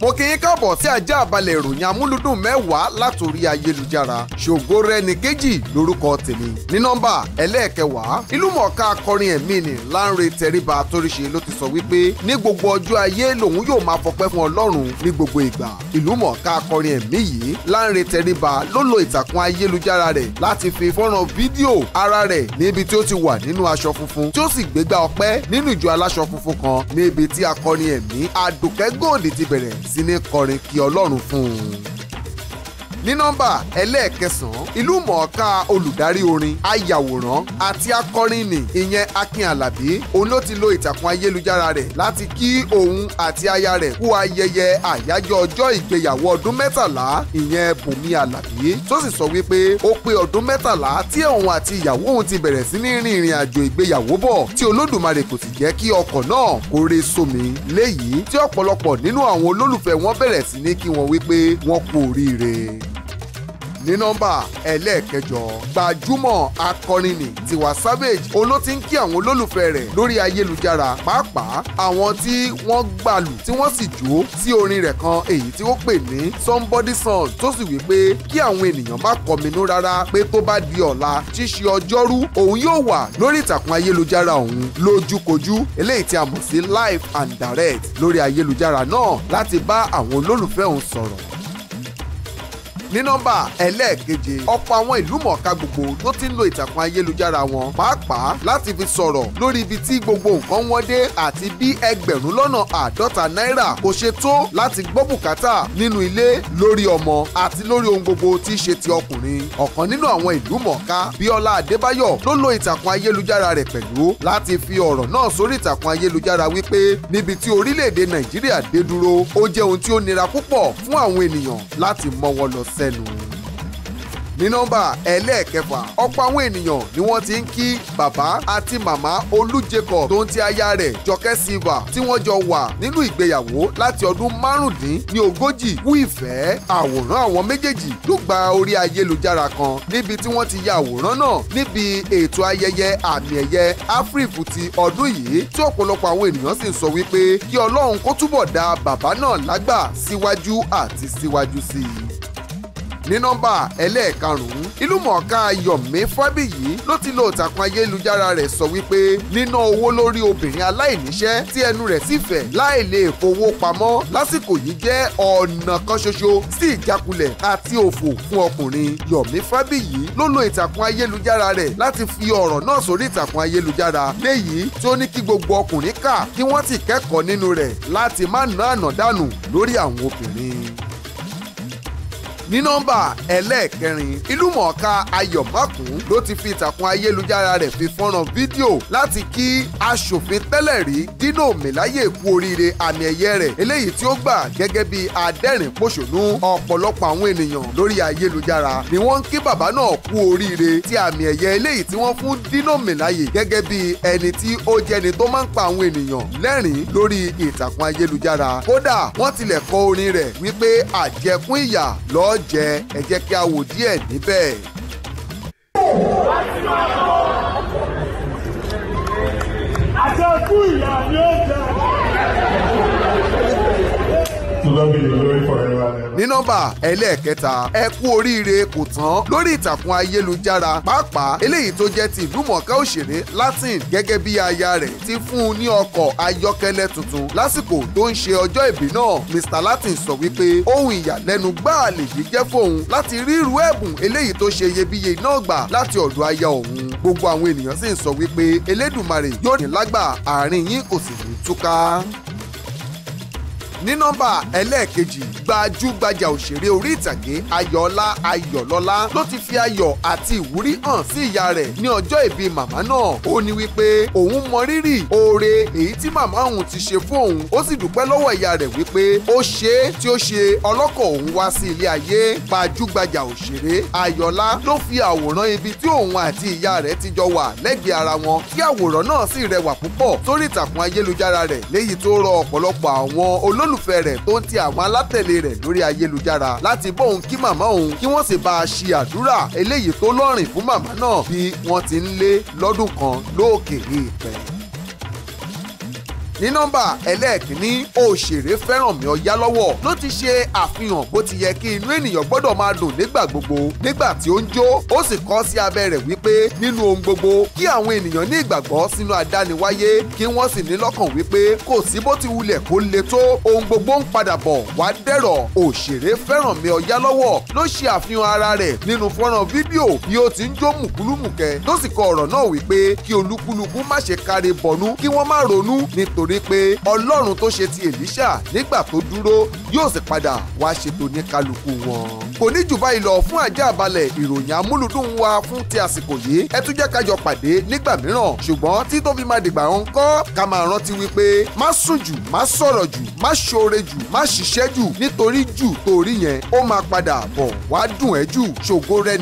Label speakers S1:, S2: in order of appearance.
S1: mo kì í káàbọ̀ sí ajá àbálẹ̀ ìròyìn amúlùdùn mẹ́wàá látòrí ayélujára ṣògo rẹni kejì lórúkọ tèmi ní nọ́mbà ẹlẹ́ẹ̀kẹwàá ìlúmọ̀ọ́ká akọrin ẹ̀mí ni Lánrè Tẹríba Àtóríṣe ló ti sọ wípé ní gbogbo ọjọ́ ayé lòun yóò máa fọpẹ́ fún Ọlọ́run ní gbogbo ìgbà ìlúmọ̀ọ́ká akọrin ẹ̀mí yìí Lánrè Tẹríba ló lo ìtàkùn ayélujára rẹ̀ láti fi fọ́nrán fídíò ara rẹ̀ níbi tí ó ti wà nínú aṣọ funfun tí ó sì gbégbá ọpẹ́ nínú ìjọ aláṣọ funfun kan níbi tí akọrin ẹ̀mí sí ní kọrin kí Ọlọ́run fún un ní nọ́mbà ẹlẹ́ẹ̀kẹsàn-án ìlú mọ̀ọ́ká olùdarí orin ayàwòrán àti akọrin nì ìyẹn Akin Àlàbí òun ló ti lo ìtàkùn ayélujára rẹ̀ láti kí òun àti aya rẹ̀ kú ayẹyẹ àyájọ́ ọjọ́ ìgbéyàwó ọdún mẹ́tàlá ìyẹn Bùnmi Àlàbí tó sì sọ wípé ó pé ọdún mẹ́tàlá tí òun àti ìyàwó òun ti bẹ̀rẹ̀ sí ní rin ìrìn àjò ìgbéyàwó bọ̀ tí Olódùmarè kò sì jẹ́ kí ọkọ̀ náà kó re sómi léyìí tí ọ̀pọ̀lọpọ̀ nínú àwọn olólùfẹ́ wọn bẹ̀rẹ̀ sí ní kí wọn wípé wọn kú oríire ní nọ́mbà ẹlẹ́ẹ̀kẹjọ gbajúmọ̀ akọrin ni Tiwa Savage òun ló ti ń kí àwọn olólùfẹ́ rẹ̀ lórí ayélujára pàápàá àwọn tí wọ́n gbàlù tí wọ́n sì jó sí orin rẹ̀ kan èyí tí ó pè ní somebody song tó sì wí pé kí àwọn ènìyàn má kọminú rárá pé tó bá di ọ̀la ṣíṣe ọjọ́rú òun yóò wà lórí ìtàkùn ayélujára òun lójúkojú eléyìí tí a mọ̀ sí live and direct lórí ayélujára náà láti bá àwọn olólùfẹ́ òun sọ̀rọ̀ ní nọ́mbà ẹlẹ́ẹ̀keje ọ̀pọ̀ àwọn ìlú mọ̀ọ́ká gbogbo ló ti ń lo ìtàkùn ayélujára wọn pàápàá láti fi sọ̀rọ̀ lórí ibi tí gbogbo nǹkan wọ́n dé àti bí ẹgbẹ̀rún lọ́nà àádọ́ta náírà kò ṣe tó láti gbọ́ bùkátà nínú ilé lórí ọmọ àti lórí ohun gbogbo tí í ṣe ti ọkùnrin ọ̀kan nínú àwọn ìlú mọ̀ọ́ká Bíọ́lá Adébáyọ̀ ló lo ìtàkùn ayélujára rẹ̀ pẹ̀lú láti fi ọ̀rọ̀ náà sórí ìtàkùn ayélujára wípé níbi tí orílẹ̀-èdè Nàìjíríà dé dúró ó jẹ́ ohun tí ó nira púpọ̀ fún àwọn ènìyàn láti mọ́wọ́ lọ sí sẹ́nu. ní nọ́mbà ẹlẹ́ẹ̀kẹfà ọ̀pọ̀ àwọn ènìyàn ni wọ́n ti ń kí bàbá àti màmá Olú Jacob tó ń ti aya rẹ̀ Jọkẹ́ Silva tí wọ́n jọ wà nínú ìgbéyàwó láti ọdún márùndín ní ogójì wú ìfẹ́ àwòrán àwọn méjèèjì ló gba orí ayélujára kan níbi tí wọ́n ti ya àwòrán náà níbi ètò ayẹyẹ àmì ẹ̀yẹ áfírífù ti ọdún yìí tí ọ̀pọ̀lọpọ̀ àwọn ènìyàn sì ń sọ wípé kí Ọlọ́run kó túbọ̀ dá bàbá náà lágbà síwájú àti síwájú sí i ní nọ́mbà ẹlẹ́ẹ̀karùn-ún ìlúmọ̀ọ́ká Yọ̀mí Fábíyì ló ti lo ìtàkùn ayélujára rẹ̀ sọ wípé níná owó lórí obìnrin aláìníṣẹ́ tí ẹnu rẹ̀ sì fẹ̀ láì lè fowó pamọ́ lásìkò yìí jẹ́ ọ̀nà kan ṣoṣo sí ìjákulẹ̀ àti òfò fún ọkùnrin Yọ̀mí Fábíyì ló lo ìtàkùn ayélujára rẹ̀ láti fi ọ̀rọ̀ náà sórí ìtàkùn ayélujára léyìí tí ó ní kí gbogbo ọkùnrin kà kí wọ́n sì kẹ́kọ̀ọ́ nínú rẹ̀ láti má ná ànàdánù lórí àwọn obìnrin ní nọ́mbà ẹlẹ́ẹ̀kẹrin ìlúmọ̀ọ́ká ayọ̀ mákùn ló ti fi ìtàkùn ayélujára rẹ̀ fi fọ́nrán fídíò láti kí aṣòfin tẹ́lẹ̀ rí Dino Melaye kú oríire àmì ẹ̀yẹ rẹ̀ eléyìí tí ó gbà gẹ́gẹ́ bí adẹ́rìn pòṣónú ọ̀pọ̀lọpọ̀ àwọn ènìyàn lórí ayélujára ni wọ́n ń kí bàbá náà kú oríire ti àmì ẹ̀yẹ eléyìí tí wọ́n fún Dino Melaye gẹ́gẹ́ bí ẹni tí ó jẹni tó máa ń pa àwọn ènìyàn lẹ́rìn lórí ìtàkùn ayélujára kódà wọ́n tilẹ̀ kọ orin rẹ̀ wípé àjẹkún ìyà lọ́ọ́ jẹ ẹ jẹ́ kí a wò díẹ̀ níbẹ̀. God be the glory forever and ever. ní nọ́mbà ẹlẹ́ẹ̀kẹta ẹ kú oríire kò tán lórí ìtàkùn ayélujára pàápàá eléyìí tó jẹ́ ti ìlúmọ̀ọ́ká òṣèré Latin gẹ́gẹ́ bí aya rẹ̀ ti fún un ní ọkọ̀ ayọ́kẹ́lẹ́ tuntun lásìkò tó ń ṣe ọjọ́ ìbí náà Mr Latin sọ wípé ohun ìyàlẹ́nu gbáà lèyí jẹ́ fóun láti rí irú ẹ̀bùn eléyìí tó ṣe iyebíye náà gbà láti ọ̀dọ̀ aya òun gbogbo àwọn ènìyàn sì ń sọ wípé Elédùmarè yóò ní lágbà àárín yín kò sì ní túká ní nọ́mbà ẹlẹ́ẹ̀kejì gbajúgbajà òṣèré orí ìtàgé ayọ̀ọ́lá ayọ̀lọ́lá ló ti fi ayọ̀ àti ìwúrí hàn sí ìyá rẹ̀ ní ọjọ́ ìbí màmá náà ó ní wípé òun mọ rírì oore èyí tí màmá òun ti ṣe fún òun ó sì dúpẹ́ lọ́wọ́ ìyá rẹ̀ wípé ó ṣe é tí ó ṣe ọlọ́kọ̀ òun wá sí ilé ayé gbajúgbajà òṣèré ayọ̀ọ́lá ló fi àwòrán ibi tí òun àti ìyá rẹ̀ ti jọ wà lẹ́gbẹ̀ẹ́ ara wọn kí àwòrán náà sì rẹwà púpọ̀ sórí ìtàkùn ayélujára rẹ̀ léyìí tó rọ ọ̀pọ̀lọpọ̀ àwọn olólùfẹ́ olólùfẹ́ rẹ̀ tó ń ti àwọn alátẹ̀lé rẹ̀ lórí ayélujára láti bóun kí màmá òun kí wọ́n sì bá a ṣe àdúrà eléyìí tó lọ́rìn fún màmá náà bí wọ́n ti ń lé lọ́dún kan lóòkè ní ìpẹ́ ní nọ́mbà ẹlẹ́ẹ̀kínní òṣèré Fẹ́rànmi Ọ̀yálọ́wọ̀ ló ti ṣe àfihàn bó ti yẹ kí inú ènìyàn gbọ́dọ̀ máa dùn nígbà gbogbo nígbà tí ó ń jó ó sì kọ sí abẹ́ rẹ̀ wípé nínú ohun gbogbo kí àwọn ènìyàn ní ìgbàgbọ́ sínú adániwáyé kí wọ́n sì ní lọ́kàn wípé kò sí bó ti wulẹ̀ kó le tó ohun gbogbo ń padà bọ̀ wá dẹ̀rọ̀ òṣèré Fẹ́rànmi Ọ̀yálọ́wọ̀ ló ṣe àfihàn ara rẹ̀ nínú fọ́nrán fídíò bí ó ti ń jó mùkúlùmùkẹ́ tó sì kọ ọ̀rọ̀ náà wípé kí olúkúlùkù má ṣe kárí bọ̀nú kí wọ́n má ronú nítorí nítorí pé ọlọ́run tó ṣe ti elisha, nígbà tó dúró yóò sì padà wá ṣètò ní kálukú wọn. kò ní jù báyìí lọ fún ajá balẹ̀ ìròyìn amúlùdùn wa fún ti àsìkò yìí ẹ tún jẹ́ ká jọ pàdé nígbà mìíràn ṣùgbọ́n tí tó fi máa dìgbà ń kọ́ ká máa rántí wípé má sùn jù má sọ̀rọ̀ jù má ṣoore jù má ṣiṣẹ́ jù nítorí jù torí yẹn ó máa padà bọ̀ wá dùn ẹ́ jù ṣògo rẹ̀